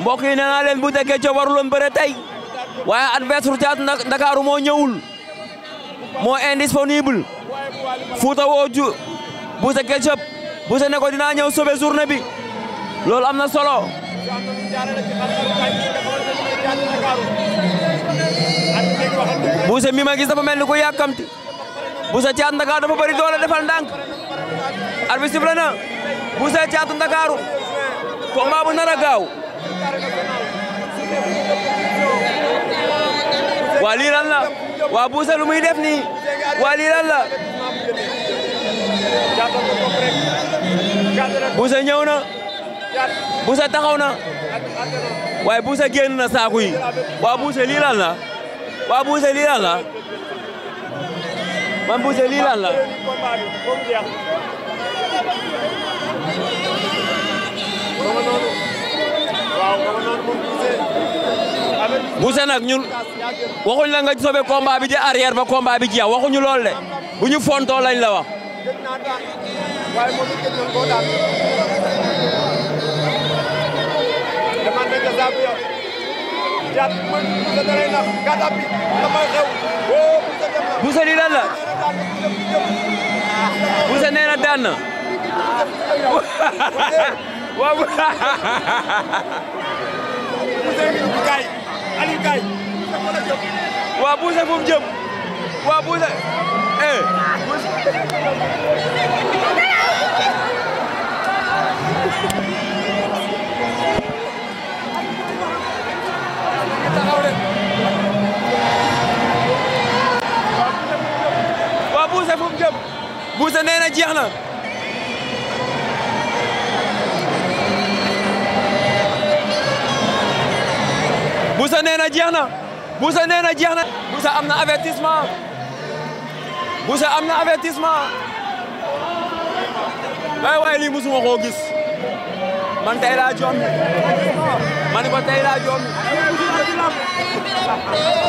mbokk yi nee naa leen bu dekkee ca waruloon bëre tey waaye adversaire Thiatou Ndakaaru moo ñëwul moo indisponible Fouta woo ju bu sa Ketchup bu ne ko dinaa ñëw sauver journée bi loolu am na solo bu sa mi ma gis dafa mel ni ku yàkkamti bu sa Thiatou Ndakaaru dafa doole defal ndànk arbitre sifflé na bu sa Thiatou Ndakaaru combat bu nar a gaaw waa lii la waa Boussa lu muy def nii waa lii lan la Boussa ñëw na Boussa taxaw na waaye Boussa génn na saaku yi waa Boussa lii lan la waa Boussa lii la man Boussa lii la Boucher nag ñun waxuñ la nga sobe combat bi di arrière ba combat bi jeex waxuñu lool de bu ñu fontoo lañ la wax. Boucher lii lan la Boucher nee na daan na waaw. waay waa Boucher fu jëm waa Boucher eh waa Boucher jeex na Boussa nee na jeex na Boussa nee na jeex na. am na avertissement Boussa am na avertissement waaye waaye lii musuma koo gis man tey laa jommi man ko tey laa